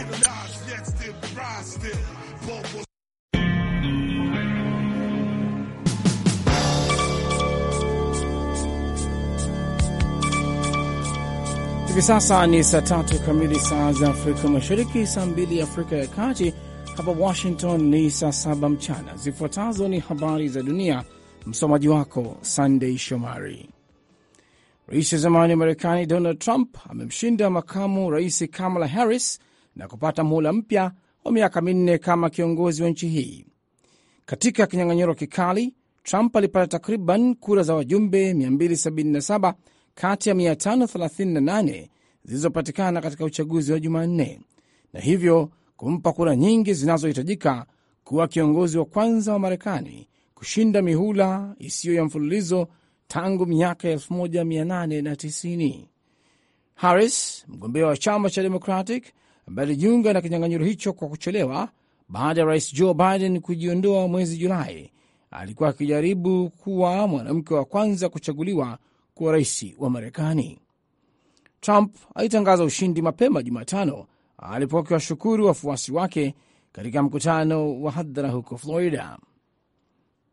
Hivi sasa ni saa tatu kamili, saa za Afrika Mashariki, saa mbili Afrika ya Kati. Hapa Washington ni saa saba mchana. Zifuatazo ni habari za dunia, msomaji wako Sandei Shomari. Rais wa zamani wa Marekani Donald Trump amemshinda makamu rais Kamala Harris na kupata muhula mpya wa miaka minne kama kiongozi wa nchi hii. Katika kinyang'anyiro kikali, Trump alipata takriban kura za wajumbe 277 kati ya 538 zilizopatikana katika uchaguzi wa Jumanne, na hivyo kumpa kura nyingi zinazohitajika kuwa kiongozi wa kwanza wa Marekani kushinda mihula isiyo ya mfululizo tangu miaka 1890. Harris, mgombea wa chama cha Democratic, ambaye alijiunga na kinyang'anyiro hicho kwa kuchelewa baada ya rais Joe Biden kujiondoa mwezi Julai, alikuwa akijaribu kuwa mwanamke wa kwanza kuchaguliwa kuwa rais wa Marekani. Trump alitangaza ushindi mapema Jumatano alipokuwa akiwashukuru wafuasi wake katika mkutano wa hadhara huko Florida.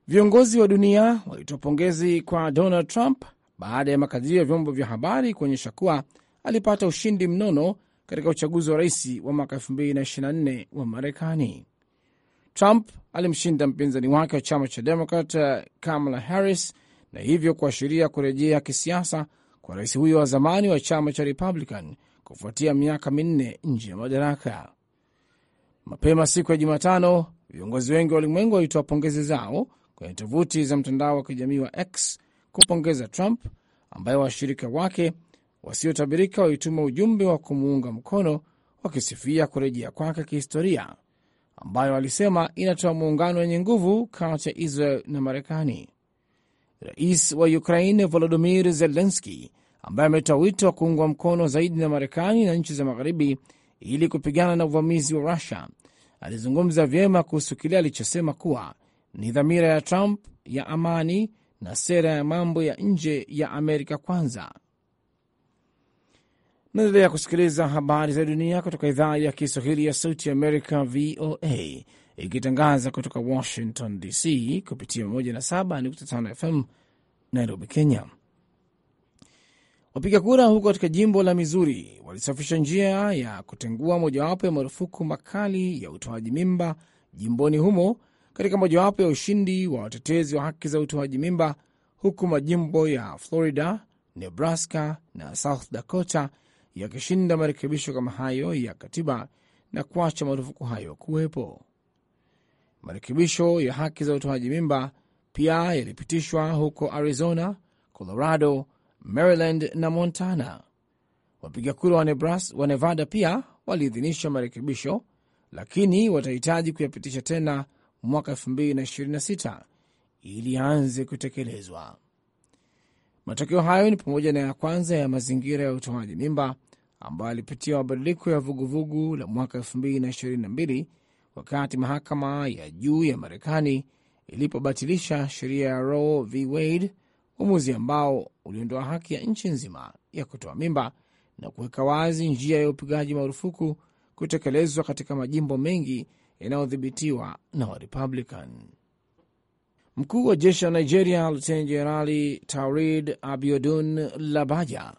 Viongozi wa dunia walitoa pongezi kwa Donald Trump baada ya makadirio ya vyombo vya habari kuonyesha kuwa alipata ushindi mnono katika uchaguzi wa rais wa mwaka 2024 wa Marekani. Trump alimshinda mpinzani wake wa chama cha Demokrat eh, Kamala Harris na hivyo kuashiria kurejea kisiasa kwa rais huyo wa zamani wa chama cha Republican kufuatia miaka minne nje ya madaraka. Mapema siku ya Jumatano, viongozi wengi wa ulimwengu walitoa pongezi zao kwenye tovuti za mtandao wa kijamii wa X kupongeza Trump ambaye washirika wake wasiotabirika walituma ujumbe wa kumuunga mkono wakisifia kurejea kwake kihistoria, ambayo alisema inatoa muungano wenye nguvu kati ya Israel na Marekani. Rais wa Ukraine Volodimir Zelenski, ambaye ametoa wito wa kuungwa mkono zaidi na Marekani na nchi za Magharibi ili kupigana na uvamizi wa Rusia, alizungumza vyema kuhusu kile alichosema kuwa ni dhamira ya Trump ya amani na sera ya mambo ya nje ya Amerika kwanza. Naendelea kusikiliza habari za dunia kutoka idhaa ya Kiswahili ya Sauti ya Amerika, VOA, ikitangaza kutoka Washington DC kupitia 107.5 FM Nairobi, Kenya. Wapiga kura huko katika jimbo la Mizuri walisafisha njia ya kutengua mojawapo ya marufuku makali ya utoaji mimba jimboni humo katika mojawapo ya ushindi wa watetezi wa haki za utoaji mimba, huku majimbo ya Florida, Nebraska na South Dakota yakishinda marekebisho kama hayo ya katiba na kuacha marufuku hayo kuwepo. Marekebisho ya haki za utoaji mimba pia yalipitishwa huko Arizona, Colorado, Maryland na Montana. Wapiga kura wa, wa Nevada pia waliidhinisha marekebisho, lakini watahitaji kuyapitisha tena mwaka 2026 ili yaanze kutekelezwa. Matokeo hayo ni pamoja na ya kwanza ya mazingira ya utoaji mimba ambayo alipitia mabadiliko ya vuguvugu la mwaka 2022 wakati mahakama ya juu ya Marekani ilipobatilisha sheria ya Roe v Wade, uamuzi ambao uliondoa haki ya nchi nzima ya kutoa mimba na kuweka wazi njia ya upigaji marufuku kutekelezwa katika majimbo mengi yanayodhibitiwa na Warepublican. Mkuu wa jeshi la Nigeria Luteni Jenerali Taurid Abiodun Labaja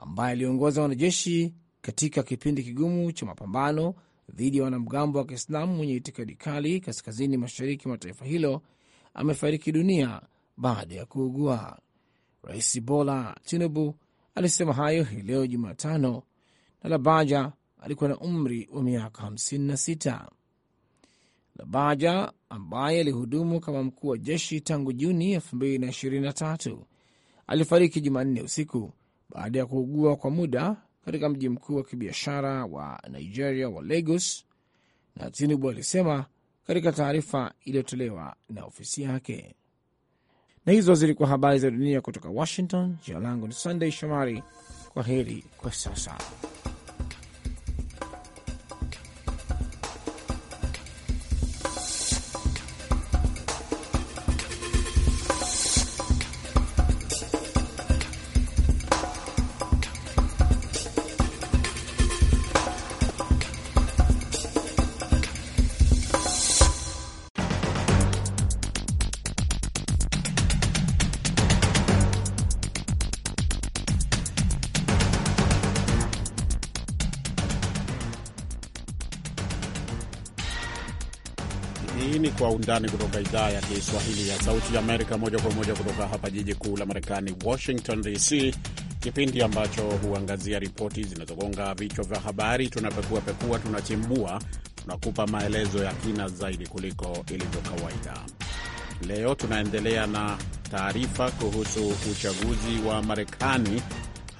ambaye aliongoza wanajeshi katika kipindi kigumu cha mapambano dhidi ya wanamgambo wa Kiislamu mwenye itikadi kali kaskazini mashariki mwa taifa hilo amefariki dunia baada ya kuugua. Rais Bola Tinubu alisema hayo hii leo Jumatano, na Labaja alikuwa na umri wa miaka 56. Labaja ambaye alihudumu kama mkuu wa jeshi tangu Juni 2023 alifariki Jumanne usiku baada ya kuugua kwa muda katika mji mkuu wa kibiashara wa Nigeria wa Lagos, na Tinubu alisema katika taarifa iliyotolewa na ofisi yake. Na hizo zilikuwa habari za dunia kutoka Washington. Jina langu ni Sunday Shomari. Kwa heri kwa sasa. Undani kutoka idhaa ya Kiswahili ya Sauti Amerika, moja kwa moja kutoka hapa jiji kuu la Marekani, Washington DC, kipindi ambacho huangazia ripoti zinazogonga vichwa vya habari. Tunapekua pekua, tunachimbua, tunakupa maelezo ya kina zaidi kuliko ilivyo kawaida. Leo tunaendelea na taarifa kuhusu uchaguzi wa Marekani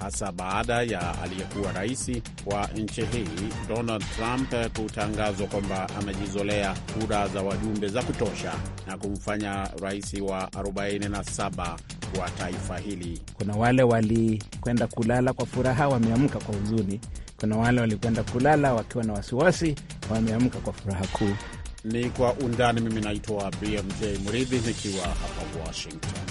hasa baada ya aliyekuwa rais wa nchi hii Donald Trump kutangazwa kwamba amejizolea kura za wajumbe za kutosha na kumfanya rais wa 47 wa taifa hili. Kuna wale walikwenda kulala kwa furaha, wameamka kwa huzuni. Kuna wale walikwenda kulala wakiwa na wasiwasi, wameamka kwa furaha kuu. Ni kwa undani. Mimi naitwa BMJ Mridhi nikiwa hapa Washington.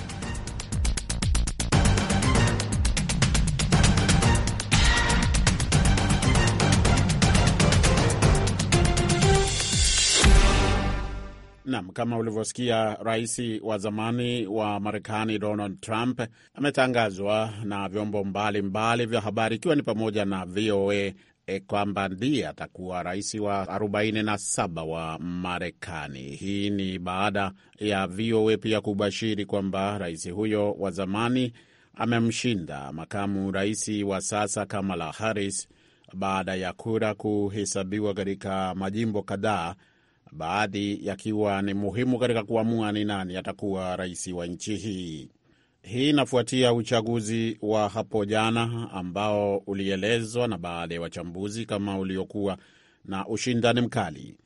Nam, kama ulivyosikia, rais wa zamani wa Marekani Donald Trump ametangazwa na vyombo mbalimbali vya habari ikiwa ni pamoja na VOA E, kwamba ndiye atakuwa rais wa 47 wa Marekani. Hii ni baada ya VOA pia kubashiri kwamba rais huyo wa zamani amemshinda makamu rais wa sasa Kamala Harris baada ya kura kuhesabiwa katika majimbo kadhaa baadhi yakiwa ni muhimu katika kuamua ni nani atakuwa rais wa nchi hii. Hii inafuatia uchaguzi wa hapo jana ambao ulielezwa na baadhi ya wachambuzi kama uliokuwa na ushindani mkali.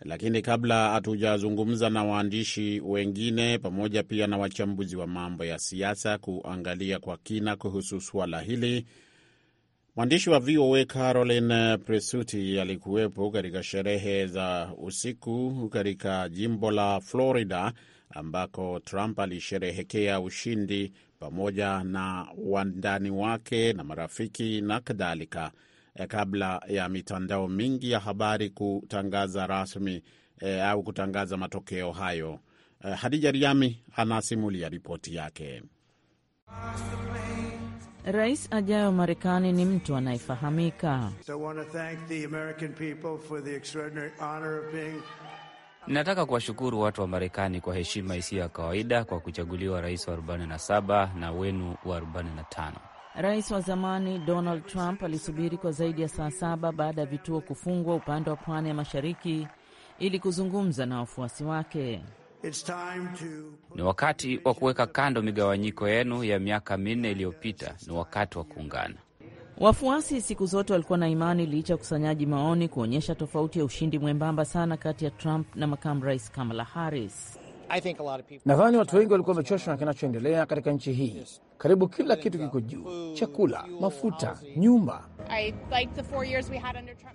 Lakini kabla hatujazungumza na waandishi wengine pamoja pia na wachambuzi wa mambo ya siasa kuangalia kwa kina kuhusu suala hili, Mwandishi wa VOA Caroline Presutti alikuwepo katika sherehe za usiku katika jimbo la Florida ambako Trump alisherehekea ushindi pamoja na wandani wake na marafiki na kadhalika, eh, kabla ya mitandao mingi ya habari kutangaza rasmi e, au kutangaza matokeo hayo. E, Hadija Riami anasimulia ripoti yake. Rais ajayo Marekani ni mtu anayefahamika. nataka kuwashukuru watu wa Marekani kwa heshima isiyo ya kawaida kwa kuchaguliwa rais wa 47 na wenu wa 45. Rais wa zamani Donald Trump alisubiri kwa zaidi ya saa saba baada ya vituo kufungwa upande wa pwani ya mashariki ili kuzungumza na wafuasi wake. Ni wakati wa kuweka kando migawanyiko yenu ya miaka minne iliyopita. Ni wakati wa kuungana. Wafuasi siku zote walikuwa na imani, licha ya ukusanyaji maoni kuonyesha tofauti ya ushindi mwembamba sana kati ya Trump na makamu rais Kamala Harris. Nadhani watu wengi walikuwa wamechoshwa na kinachoendelea katika nchi hii. Karibu kila kitu kiko juu: chakula, mafuta, nyumba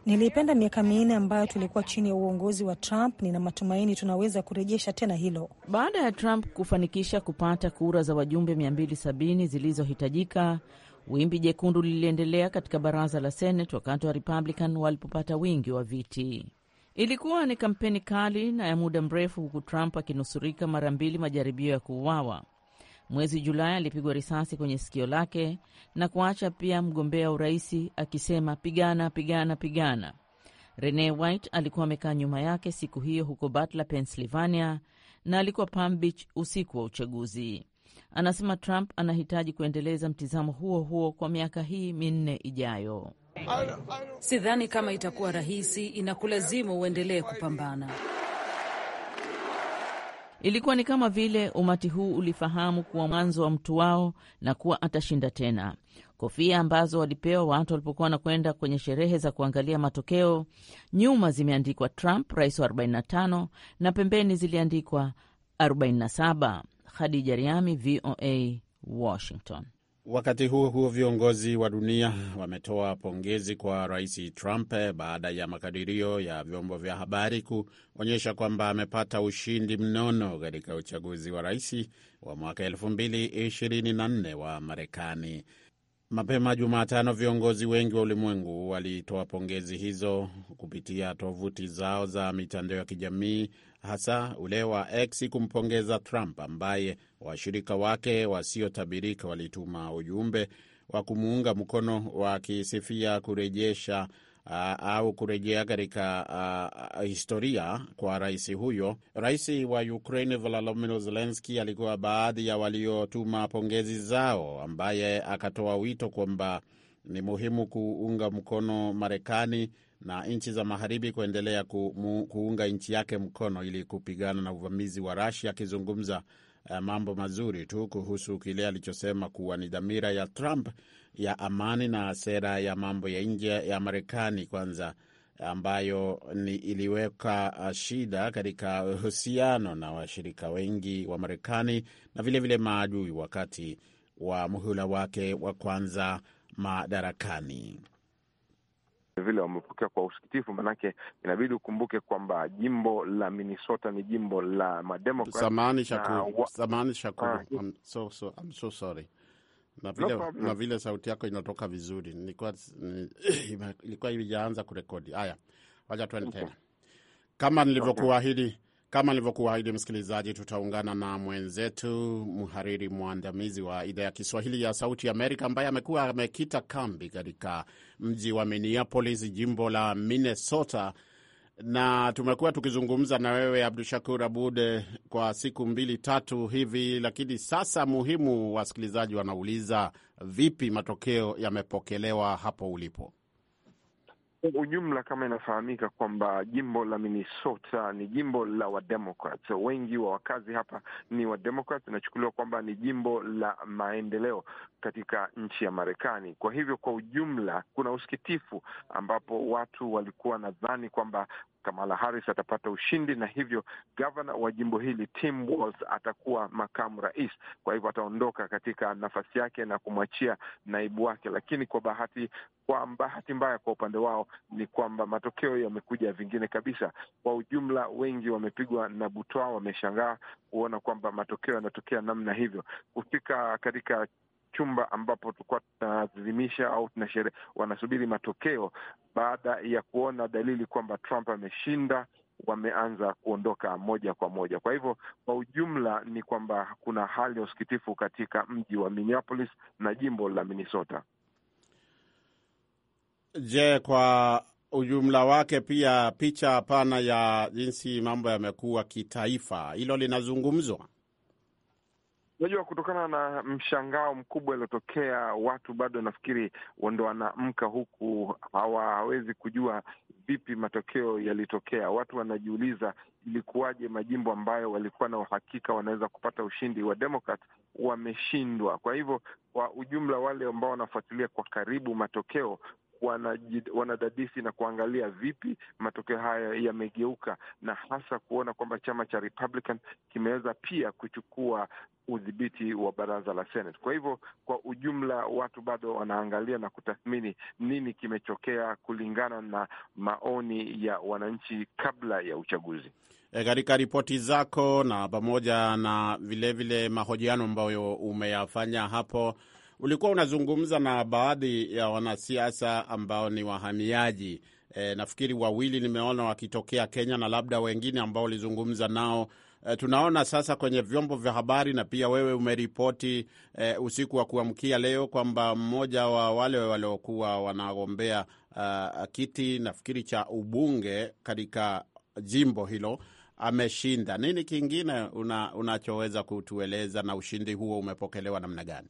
Nilipenda miaka minne ambayo tulikuwa chini ya uongozi wa Trump. Nina matumaini tunaweza kurejesha tena hilo. Baada ya Trump kufanikisha kupata kura za wajumbe 270 zilizohitajika, wimbi jekundu liliendelea katika baraza la Senate wakati wa Republican walipopata wingi wa viti. Ilikuwa ni kampeni kali na ya muda mrefu, huku Trump akinusurika mara mbili majaribio ya kuuawa. Mwezi Julai alipigwa risasi kwenye sikio lake na kuacha pia mgombea uraisi akisema pigana, pigana, pigana. rene White alikuwa amekaa nyuma yake siku hiyo huko Butler, Pennsylvania, na alikuwa Palm Beach usiku wa uchaguzi. Anasema Trump anahitaji kuendeleza mtizamo huo huo kwa miaka hii minne ijayo. Sidhani kama itakuwa rahisi, inakulazimu uendelee kupambana. Ilikuwa ni kama vile umati huu ulifahamu kuwa mwanzo wa mtu wao na kuwa atashinda tena. Kofia ambazo walipewa watu walipokuwa wanakwenda kwenye sherehe za kuangalia matokeo, nyuma zimeandikwa Trump rais wa 45 na pembeni ziliandikwa 47. Khadija Riami, VOA, Washington. Wakati huo huo, viongozi wa dunia wametoa pongezi kwa Rais Trump eh, baada ya makadirio ya vyombo vya habari kuonyesha kwamba amepata ushindi mnono katika uchaguzi wa rais wa mwaka 2024 wa Marekani. Mapema Jumatano, viongozi wengi wa ulimwengu walitoa pongezi hizo kupitia tovuti zao za mitandao ya kijamii, hasa ule wa X kumpongeza Trump ambaye washirika wake wasiotabirika walituma ujumbe wa kumuunga mkono wakisifia kurejesha uh, au kurejea katika uh, historia kwa rais huyo. Rais wa Ukraine Volodymyr zelenski alikuwa baadhi ya waliotuma pongezi zao, ambaye akatoa wito kwamba ni muhimu kuunga mkono Marekani na nchi za magharibi kuendelea kuunga nchi yake mkono ili kupigana na uvamizi wa Urusi, akizungumza Eh, mambo mazuri tu kuhusu kile alichosema kuwa ni dhamira ya Trump ya amani na sera ya mambo ya nje ya Marekani kwanza ambayo ni iliweka uh, shida katika uhusiano na washirika wengi wa Marekani na vilevile maadui wakati wa muhula wake wa kwanza madarakani vile wamepokea kwa usikitifu, manake inabidi ukumbuke kwamba jimbo la Minnesota ni jimbo la mademokrat. Samahani samahani ah, I'm so, so, I'm so sorry na vile, no na vile sauti yako inatoka vizuri, ilikuwa ijaanza kurekodi. Haya, wacha tuende tena kama nilivyokuahidi. Kama alivyokuahidi msikilizaji, tutaungana na mwenzetu mhariri mwandamizi wa idhaa ya Kiswahili ya Sauti Amerika ambaye amekuwa amekita kambi katika mji wa Minneapolis, jimbo la Minnesota, na tumekuwa tukizungumza na wewe Abdu Shakur Abud kwa siku mbili tatu hivi, lakini sasa muhimu, wasikilizaji wanauliza vipi matokeo yamepokelewa hapo ulipo? Kwa ujumla, kama inafahamika kwamba jimbo la Minnesota ni jimbo la Wademokrat, wengi wa wakazi hapa ni Wademokrat. Inachukuliwa kwamba ni jimbo la maendeleo katika nchi ya Marekani. Kwa hivyo, kwa ujumla, kuna usikitifu ambapo watu walikuwa nadhani kwamba Kamala Harris atapata ushindi, na hivyo gavana wa jimbo hili Tim Walz atakuwa makamu rais. Kwa hivyo ataondoka katika nafasi yake na kumwachia naibu wake, lakini kwa bahati kwa bahati mbaya kwa upande wao ni kwamba matokeo yamekuja vingine kabisa. Kwa ujumla, wengi wamepigwa na butwa, wameshangaa kuona kwamba matokeo yanatokea namna hivyo. Kufika katika chumba ambapo tulikuwa tunaadhimisha au tunashere, wanasubiri matokeo. Baada ya kuona dalili kwamba Trump ameshinda, wameanza kuondoka moja kwa moja. Kwa hivyo kwa ujumla ni kwamba kuna hali ya usikitifu katika mji wa Minneapolis na jimbo la Minnesota. Je, kwa ujumla wake pia picha pana ya jinsi mambo yamekuwa kitaifa, hilo linazungumzwa Unajua, kutokana na mshangao mkubwa uliotokea, watu bado nafikiri ndo wanaamka huku, hawawezi kujua vipi matokeo yalitokea. Watu wanajiuliza ilikuwaje, majimbo ambayo walikuwa na uhakika wanaweza kupata ushindi wa Demokrat wameshindwa. Kwa hivyo, kwa ujumla, wale ambao wanafuatilia kwa karibu matokeo wanadadisi na kuangalia vipi matokeo haya yamegeuka, na hasa kuona kwamba chama cha Republican kimeweza pia kuchukua udhibiti wa baraza la Senate. Kwa hivyo, kwa ujumla, watu bado wanaangalia na kutathmini nini kimetokea kulingana na maoni ya wananchi kabla ya uchaguzi. E, katika e, ripoti zako na pamoja na vilevile mahojiano ambayo umeyafanya hapo ulikuwa unazungumza na baadhi ya wanasiasa ambao ni wahamiaji e, nafikiri wawili nimeona wakitokea Kenya na labda wengine ambao ulizungumza nao. E, tunaona sasa kwenye vyombo vya habari na pia wewe umeripoti e, usiku wa kuamkia leo kwamba mmoja wa wale waliokuwa wanagombea uh, kiti nafikiri cha ubunge katika jimbo hilo ameshinda. Nini kingine unachoweza una kutueleza, na ushindi huo umepokelewa namna gani?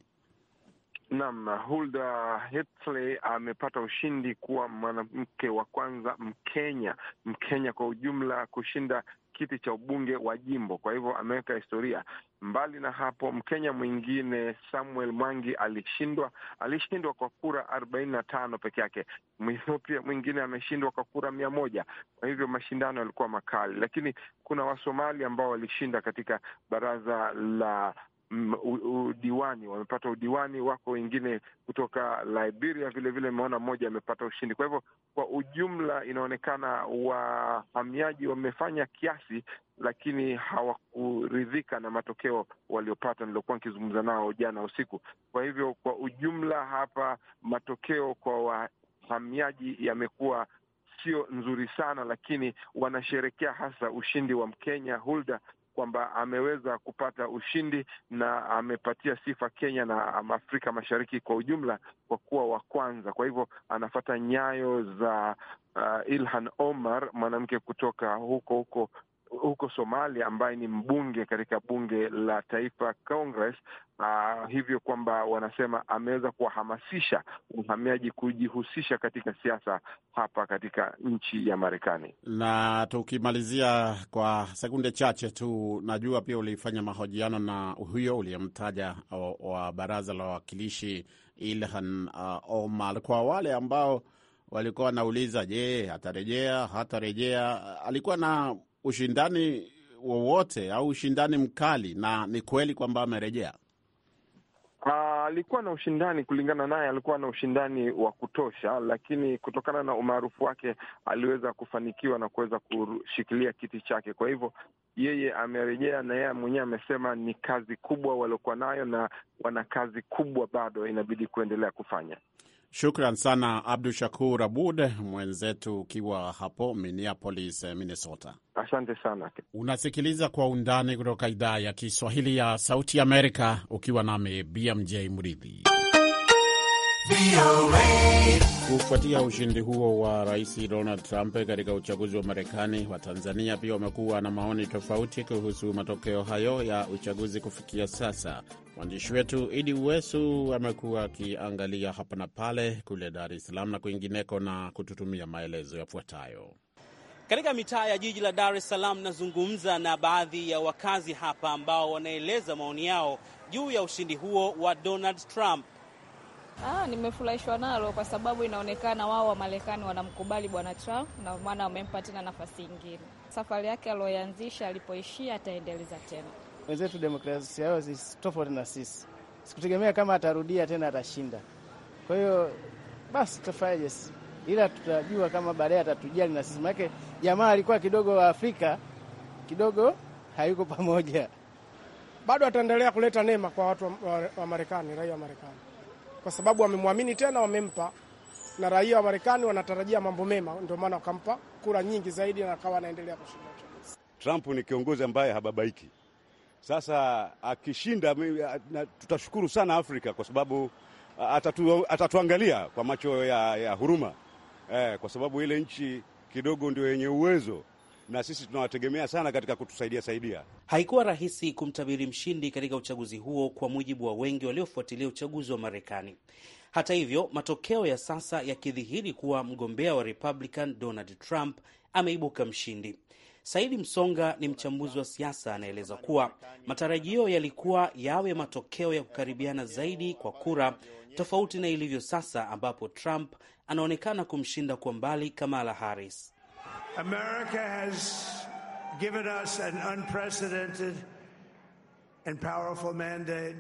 Naam, Hulda Hetley amepata ushindi kuwa mwanamke wa kwanza Mkenya Mkenya kwa ujumla kushinda kiti cha ubunge wa jimbo. Kwa hivyo ameweka historia. Mbali na hapo, Mkenya mwingine Samuel Mwangi alishindwa alishindwa kwa kura arobaini na tano peke yake. Mwethiopia mwingine ameshindwa kwa kura mia moja. Kwa hivyo mashindano yalikuwa makali, lakini kuna Wasomali ambao walishinda katika baraza la udiwani, wamepata udiwani, wako wengine kutoka Liberia vilevile, imeona vile mmoja amepata ushindi. Kwa hivyo kwa ujumla inaonekana wahamiaji wamefanya kiasi, lakini hawakuridhika na matokeo waliopata. Niliokuwa nikizungumza nao jana usiku. Kwa hivyo kwa ujumla hapa matokeo kwa wahamiaji yamekuwa sio nzuri sana, lakini wanasherekea hasa ushindi wa Mkenya Hulda kwamba ameweza kupata ushindi na amepatia sifa Kenya na Afrika Mashariki kwa ujumla kwa kuwa wa kwanza. Kwa hivyo anafata nyayo za uh, Ilhan Omar, mwanamke kutoka huko huko huko Somalia ambaye ni mbunge katika bunge la taifa Congress. Uh, hivyo kwamba wanasema ameweza kuwahamasisha uhamiaji kujihusisha katika siasa hapa katika nchi ya Marekani. Na tukimalizia kwa sekunde chache tu, najua pia ulifanya mahojiano na huyo uliyemtaja wa baraza la wawakilishi Ilhan uh, Omar. Kwa wale ambao walikuwa wanauliza, je, atarejea hatarejea, alikuwa na ushindani wowote au ushindani mkali, na ni kweli kwamba amerejea. Ah, alikuwa na ushindani, kulingana naye, alikuwa na ushindani wa kutosha, lakini kutokana na umaarufu wake aliweza kufanikiwa na kuweza kushikilia kiti chake. Kwa hivyo yeye amerejea, na yeye mwenyewe amesema ni kazi kubwa waliokuwa nayo, na wana kazi kubwa bado inabidi kuendelea kufanya. Shukran sana Abdu Shakur Abud, mwenzetu ukiwa hapo Minneapolis, eh, Minnesota. Asante sana. Unasikiliza Kwa Undani kutoka idhaa ya Kiswahili ya Sauti Amerika, ukiwa nami BMJ Mridhi. Kufuatia ushindi huo wa rais Donald Trump katika uchaguzi wa Marekani, wa tanzania pia wamekuwa na maoni tofauti kuhusu matokeo hayo ya uchaguzi kufikia sasa. Mwandishi wetu Idi Uwesu amekuwa akiangalia hapa na pale kule Dar es Salaam na kwingineko na kututumia maelezo yafuatayo. Katika mitaa ya jiji la Dar es Salaam, nazungumza na baadhi ya wakazi hapa ambao wanaeleza maoni yao juu ya ushindi huo wa Donald Trump. Ah, nimefurahishwa nalo kwa sababu inaonekana wao Wamarekani wanamkubali bwana Trump na maana wamempa tena nafasi nyingine. Safari yake aliyoanzisha, alipoishia, ataendeleza tena. Wenzetu demokrasia yao si tofauti na sisi, sikutegemea kama atarudia tena atashinda. Kwa hiyo basi tutafanyaje? Ila tutajua kama baadaye atatujali na sisi, manake jamaa alikuwa kidogo wa Afrika kidogo hayuko pamoja. Bado ataendelea kuleta neema kwa watu wa Marekani, raia wa Marekani kwa sababu wamemwamini tena, wamempa na raia wa Marekani wanatarajia mambo mema, ndio maana wakampa kura nyingi zaidi na akawa anaendelea kushinda Trump ni kiongozi ambaye hababaiki. Sasa akishinda, tutashukuru sana Afrika kwa sababu atatu, atatuangalia kwa macho ya, ya huruma eh, kwa sababu ile nchi kidogo ndio yenye uwezo na sisi tunawategemea sana katika kutusaidia saidia. Haikuwa rahisi kumtabiri mshindi katika uchaguzi huo, kwa mujibu wa wengi waliofuatilia uchaguzi wa Marekani. Hata hivyo, matokeo ya sasa yakidhihiri kuwa mgombea wa Republican Donald Trump ameibuka mshindi. Saidi Msonga ni mchambuzi wa siasa, anaeleza kuwa matarajio yalikuwa yawe matokeo ya kukaribiana zaidi kwa kura, tofauti na ilivyo sasa ambapo Trump anaonekana kumshinda kwa mbali Kamala Harris. America has given us an unprecedented and powerful mandate.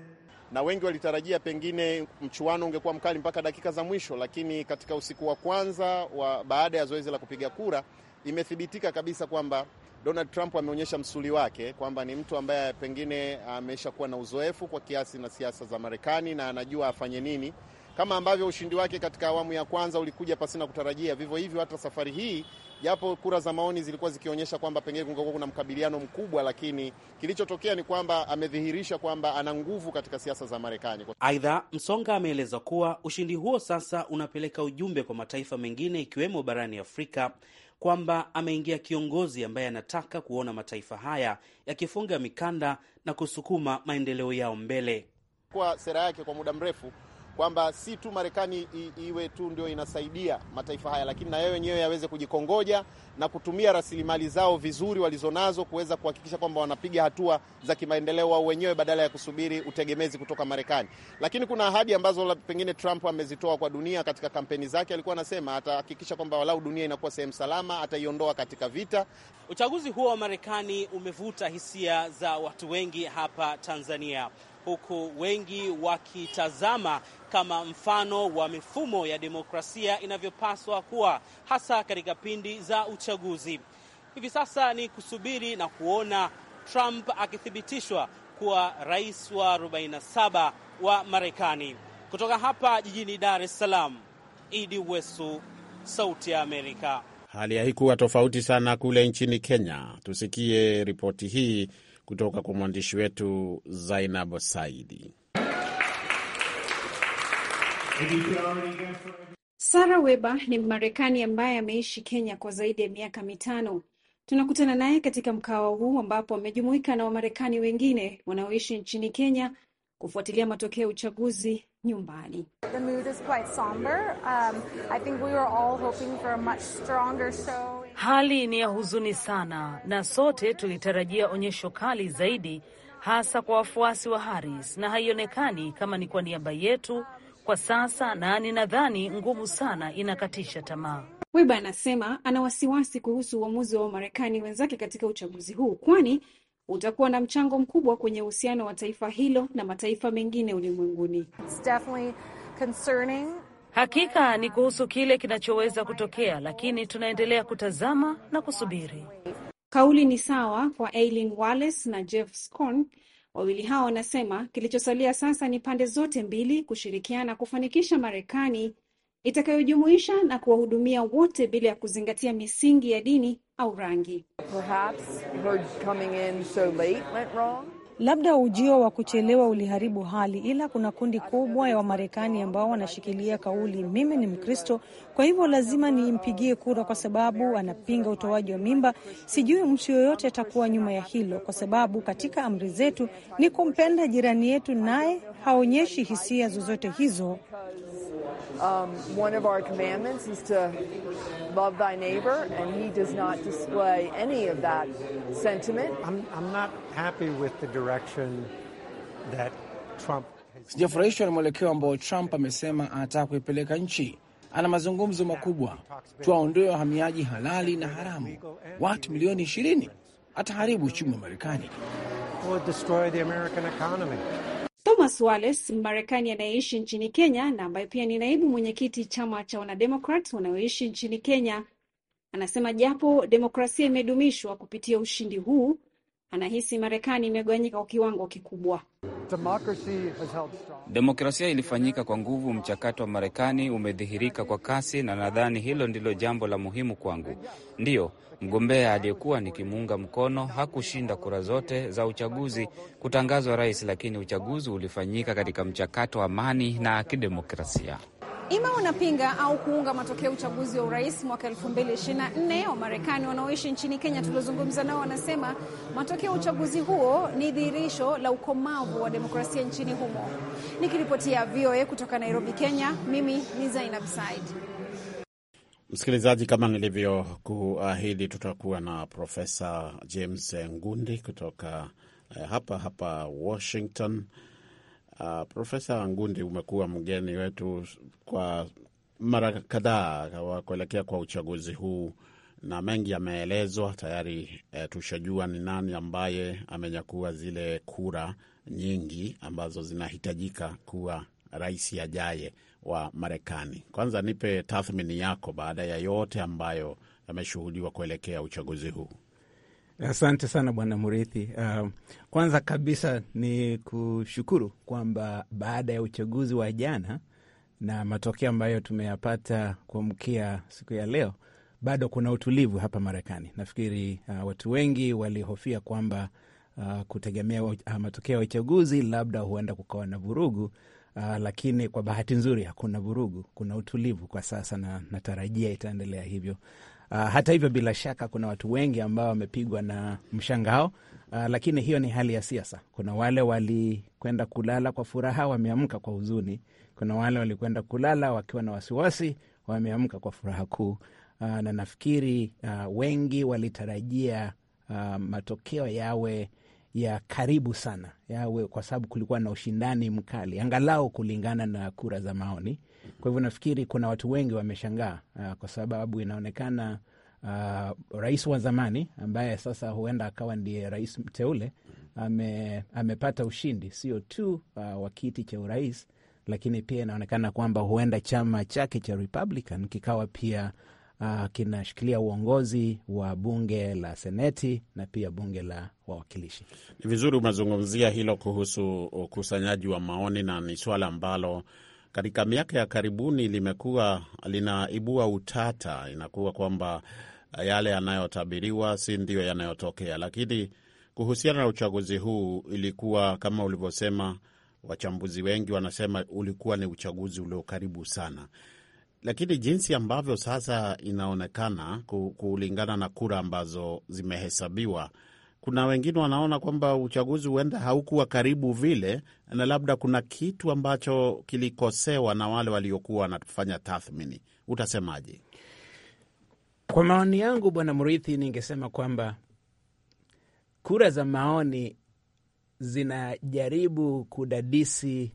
Na wengi walitarajia pengine mchuano ungekuwa mkali mpaka dakika za mwisho, lakini katika usiku wa kwanza wa baada ya zoezi la kupiga kura imethibitika kabisa kwamba Donald Trump ameonyesha msuli wake kwamba ni mtu ambaye pengine ameshakuwa na uzoefu kwa kiasi na siasa za Marekani na anajua afanye nini kama ambavyo ushindi wake katika awamu ya kwanza ulikuja pasina kutarajia, vivyo hivyo hata safari hii, japo kura za maoni zilikuwa zikionyesha kwamba pengine kungekuwa kuna mkabiliano mkubwa, lakini kilichotokea ni kwamba amedhihirisha kwamba ana nguvu katika siasa za Marekani. Aidha, Msonga ameeleza kuwa ushindi huo sasa unapeleka ujumbe kwa mataifa mengine ikiwemo barani Afrika kwamba ameingia kiongozi ambaye anataka kuona mataifa haya yakifunga mikanda na kusukuma maendeleo yao mbele. Kwa sera yake kwa muda mrefu kwamba si tu Marekani iwe tu ndio inasaidia mataifa haya, lakini na yeye wenyewe yaweze kujikongoja na kutumia rasilimali zao vizuri walizonazo kuweza kuhakikisha kwamba wanapiga hatua za kimaendeleo wao wenyewe badala ya kusubiri utegemezi kutoka Marekani. Lakini kuna ahadi ambazo pengine Trump amezitoa kwa dunia katika kampeni zake. Alikuwa anasema atahakikisha kwamba walau dunia inakuwa sehemu salama, ataiondoa katika vita. Uchaguzi huo wa Marekani umevuta hisia za watu wengi hapa Tanzania, huku wengi wakitazama kama mfano wa mifumo ya demokrasia inavyopaswa kuwa hasa katika pindi za uchaguzi. Hivi sasa ni kusubiri na kuona Trump akithibitishwa kuwa rais wa 47 wa Marekani. Kutoka hapa jijini Dar es Salaam, Idi Wesu, Sauti ya Amerika. Hali haikuwa tofauti sana kule nchini Kenya. Tusikie ripoti hii kutoka kwa mwandishi wetu Zainab Saidi. Sarah Weber ni Mmarekani ambaye ameishi Kenya kwa zaidi ya miaka mitano. Tunakutana naye katika mkawa huu ambapo amejumuika na Wamarekani wengine wanaoishi nchini Kenya kufuatilia matokeo ya uchaguzi nyumbani. Um, Hali ni ya huzuni sana, na sote tulitarajia onyesho kali zaidi, hasa kwa wafuasi wa Harris, na haionekani kama ni kwa niaba yetu kwa sasa na ninadhani ngumu sana, inakatisha tamaa. weba anasema ana wasiwasi kuhusu uamuzi wa Wamarekani wenzake katika uchaguzi huu, kwani utakuwa na mchango mkubwa kwenye uhusiano wa taifa hilo na mataifa mengine ulimwenguni. Hakika ni kuhusu kile kinachoweza kutokea, lakini tunaendelea kutazama na kusubiri. Kauli ni sawa kwa Eileen Wallace na Jeff Skorn Wawili hao wanasema kilichosalia sasa ni pande zote mbili kushirikiana kufanikisha Marekani itakayojumuisha na kuwahudumia wote bila ya kuzingatia misingi ya dini au rangi. Labda ujio wa kuchelewa uliharibu hali, ila kuna kundi kubwa ya Wamarekani ambao wanashikilia kauli, mimi ni Mkristo, kwa hivyo lazima nimpigie kura kwa sababu anapinga utoaji wa mimba. Sijui mtu yoyote atakuwa nyuma ya hilo, kwa sababu katika amri zetu ni kumpenda jirani yetu, naye haonyeshi hisia zozote hizo. Um, one of our commandments is to love thy neighbor, and he does not display any of that sentiment. I'm, I'm not happy with the direction that Trump Sijafurahishwa na mwelekeo ambao Trump amesema anataka kuipeleka nchi. Ana mazungumzo makubwa, tuwaondoe wahamiaji halali na haramu, watu milioni 20, ataharibu uchumi wa Marekani. Thomas Wallace, marekani anayeishi nchini Kenya na ambaye pia ni naibu mwenyekiti chama cha Wanademokrat wanaoishi nchini Kenya, anasema japo demokrasia imedumishwa kupitia ushindi huu, anahisi Marekani imegawanyika kwa kiwango kikubwa. Demokrasia ilifanyika kwa nguvu. Mchakato wa Marekani umedhihirika kwa kasi, na nadhani hilo ndilo jambo la muhimu kwangu. Ndiyo, mgombea aliyekuwa nikimuunga mkono hakushinda kura zote za uchaguzi kutangazwa rais, lakini uchaguzi ulifanyika katika mchakato wa amani na kidemokrasia. Ima wanapinga au kuunga matokeo uchaguzi wa urais mwaka 2024. Wamarekani wanaoishi nchini Kenya tuliozungumza nao wanasema matokeo ya uchaguzi huo ni dhihirisho la ukomavu wa demokrasia nchini humo. Nikiripotia VOA kutoka Nairobi, Kenya, mimi ni Zainab Said. Msikilizaji, kama nilivyokuahidi, tutakuwa na Profesa James Ngundi kutoka eh, hapa hapa Washington Uh, Profesa Wangundi, umekuwa mgeni wetu kwa mara kadhaa kuelekea kwa uchaguzi huu na mengi yameelezwa tayari. E, tushajua ni nani ambaye amenyakua zile kura nyingi ambazo zinahitajika kuwa rais ajaye wa Marekani. Kwanza nipe tathmini yako baada ya yote ambayo yameshuhudiwa kuelekea uchaguzi huu. Asante sana Bwana Murithi. Uh, kwanza kabisa ni kushukuru kwamba baada ya uchaguzi wa jana na matokeo ambayo tumeyapata kuamkia siku ya leo bado kuna utulivu hapa Marekani. Nafikiri uh, watu wengi walihofia kwamba uh, kutegemea uh, matokeo ya uchaguzi labda huenda kukawa na vurugu uh, lakini kwa bahati nzuri hakuna vurugu, kuna utulivu kwa sasa na natarajia itaendelea hivyo. Uh, hata hivyo bila shaka kuna watu wengi ambao wamepigwa na mshangao. Uh, lakini hiyo ni hali ya siasa. Kuna wale walikwenda kulala kwa furaha, wameamka kwa huzuni. Kuna wale walikwenda kulala wakiwa na wasiwasi, wameamka kwa furaha kuu. Uh, na nafikiri uh, wengi walitarajia uh, matokeo yawe ya karibu sana yawe, kwa sababu kulikuwa na ushindani mkali, angalau kulingana na kura za maoni. Kwa hivyo nafikiri kuna watu wengi wameshangaa, uh, kwa sababu inaonekana uh, rais wa zamani ambaye sasa huenda akawa ndiye rais mteule ame, amepata ushindi sio tu uh, wa kiti cha urais, lakini pia inaonekana kwamba huenda chama chake cha Republican kikawa pia uh, kinashikilia uongozi wa bunge la seneti na pia bunge la wawakilishi. Ni vizuri umezungumzia hilo kuhusu ukusanyaji wa maoni, na ni swala ambalo katika miaka ya karibuni limekuwa linaibua utata. Inakuwa kwamba yale yanayotabiriwa si ndiyo yanayotokea. Lakini kuhusiana na uchaguzi huu, ilikuwa kama ulivyosema, wachambuzi wengi wanasema ulikuwa ni uchaguzi ulio karibu sana, lakini jinsi ambavyo sasa inaonekana kulingana na kura ambazo zimehesabiwa kuna wengine wanaona kwamba uchaguzi huenda haukuwa karibu vile, na labda kuna kitu ambacho kilikosewa na wale waliokuwa wanafanya tathmini. Utasemaje? Kwa maoni yangu, Bwana Mrithi, ningesema kwamba kura za maoni zinajaribu kudadisi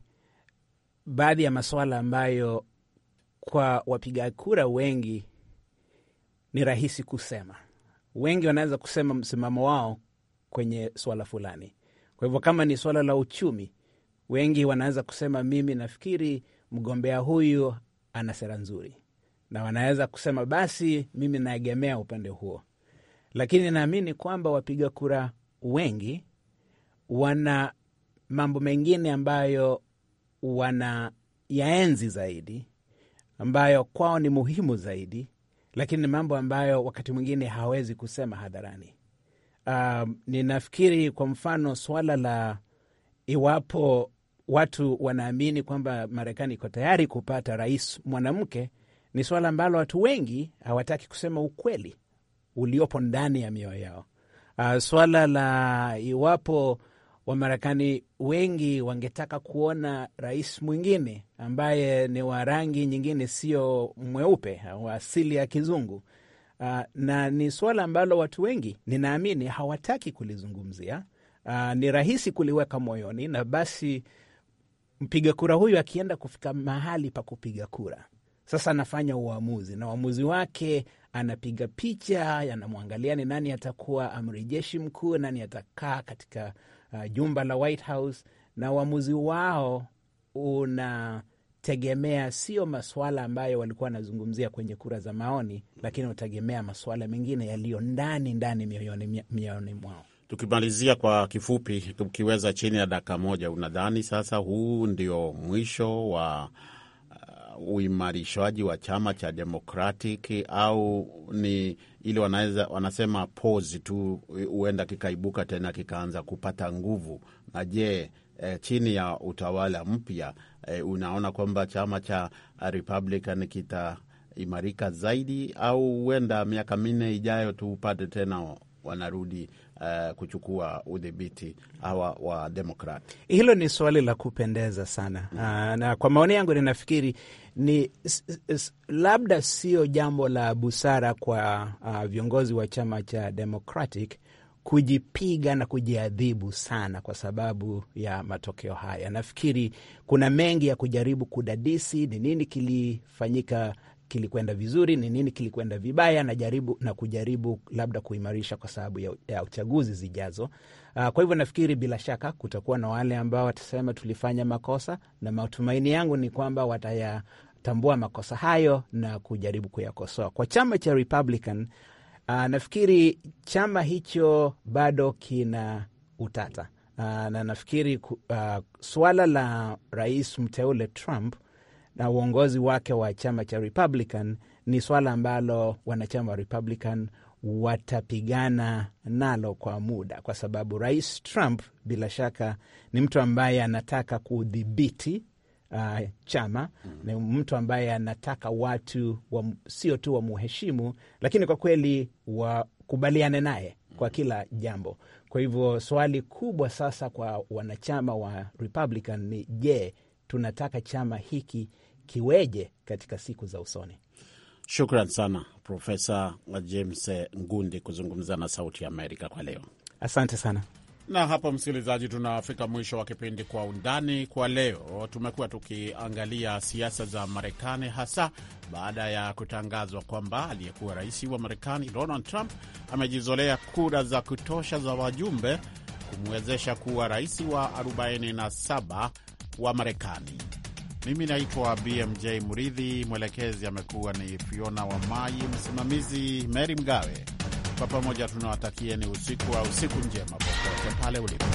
baadhi ya masuala ambayo kwa wapiga kura wengi ni rahisi kusema. Wengi wanaweza kusema msimamo wao kwenye swala fulani. Kwa hivyo kama ni swala la uchumi, wengi wanaweza kusema mimi nafikiri mgombea huyu ana sera nzuri, na wanaweza kusema basi mimi naegemea upande huo, lakini naamini kwamba wapiga kura wengi wana mambo mengine ambayo wana yaenzi zaidi, ambayo kwao ni muhimu zaidi, lakini ni mambo ambayo wakati mwingine hawezi kusema hadharani uh, ninafikiri kwa mfano swala la iwapo watu wanaamini kwamba Marekani iko tayari kupata rais mwanamke ni swala ambalo watu wengi hawataki kusema ukweli uliopo ndani ya mioyo yao. Uh, swala la iwapo Wamarekani wengi wangetaka kuona rais mwingine ambaye ni wa rangi nyingine, sio mweupe, wa asili ya kizungu uh, na ni swala ambalo watu wengi ninaamini hawataki kulizungumzia. Uh, ni rahisi kuliweka moyoni, na basi mpiga kura huyu akienda kufika mahali pa kupiga kura, sasa anafanya uamuzi na uamuzi wake anapiga picha, anamwangalia ni nani atakuwa amri jeshi mkuu, nani atakaa katika uh, jumba la White House, na uamuzi wao una utategemea sio maswala ambayo walikuwa wanazungumzia kwenye kura za maoni, lakini utategemea masuala mengine yaliyo ndani ndani mioyoni mioyoni mwao. Tukimalizia kwa kifupi, tukiweza chini ya dakika moja, unadhani sasa huu ndio mwisho wa uh, uimarishwaji wa chama cha Democratic au ni ili wanaweza wanasema pause tu, huenda kikaibuka tena kikaanza kupata nguvu? Na je, eh, chini ya utawala mpya eh, unaona kwamba chama cha Republican kitaimarika zaidi au huenda miaka minne ijayo tupate tena wanarudi uh, kuchukua udhibiti hawa wa Demokrat? Hilo ni swali la kupendeza sana mm. Uh, na kwa maoni yangu ninafikiri ni s, s, labda sio jambo la busara kwa uh, viongozi wa chama cha Democratic kujipiga na kujiadhibu sana kwa sababu ya matokeo haya. Nafikiri kuna mengi ya kujaribu kudadisi, ni nini kilifanyika kilikwenda vizuri, ni nini kilikwenda vibaya, na jaribu, na kujaribu labda kuimarisha kwa sababu ya, ya uchaguzi zijazo. Ah, kwa hivyo nafikiri bila shaka kutakuwa na wale ambao watasema tulifanya makosa, na matumaini yangu ni kwamba watayatambua makosa hayo na kujaribu kuyakosoa. Kwa chama cha Republican Uh, nafikiri chama hicho bado kina utata uh, na nafikiri uh, ah, swala la rais mteule Trump na uongozi wake wa chama cha Republican ni swala ambalo wanachama wa Republican watapigana nalo kwa muda, kwa sababu rais Trump bila shaka ni mtu ambaye anataka kudhibiti uh, chama mm. mtu ambaye anataka watu wa, sio tu wamuheshimu, lakini kwa kweli wakubaliane naye kwa kila jambo. Kwa hivyo swali kubwa sasa kwa wanachama wa Republican ni je, tunataka chama hiki kiweje katika siku za usoni? Shukran sana Profesa James Ngundi kuzungumza na Sauti ya Amerika kwa leo. Asante sana. Na hapo msikilizaji, tunafika mwisho wa kipindi Kwa Undani kwa leo. Tumekuwa tukiangalia siasa za Marekani, hasa baada ya kutangazwa kwamba aliyekuwa rais wa Marekani Donald Trump amejizolea kura za kutosha za wajumbe kumwezesha kuwa rais wa 47 wa Marekani. Mimi naitwa BMJ Muridhi, mwelekezi amekuwa ni Fiona Wamai, msimamizi Mary Mgawe. Kwa pamoja tunawatakieni usiku wa usiku njema popote pale ulipo.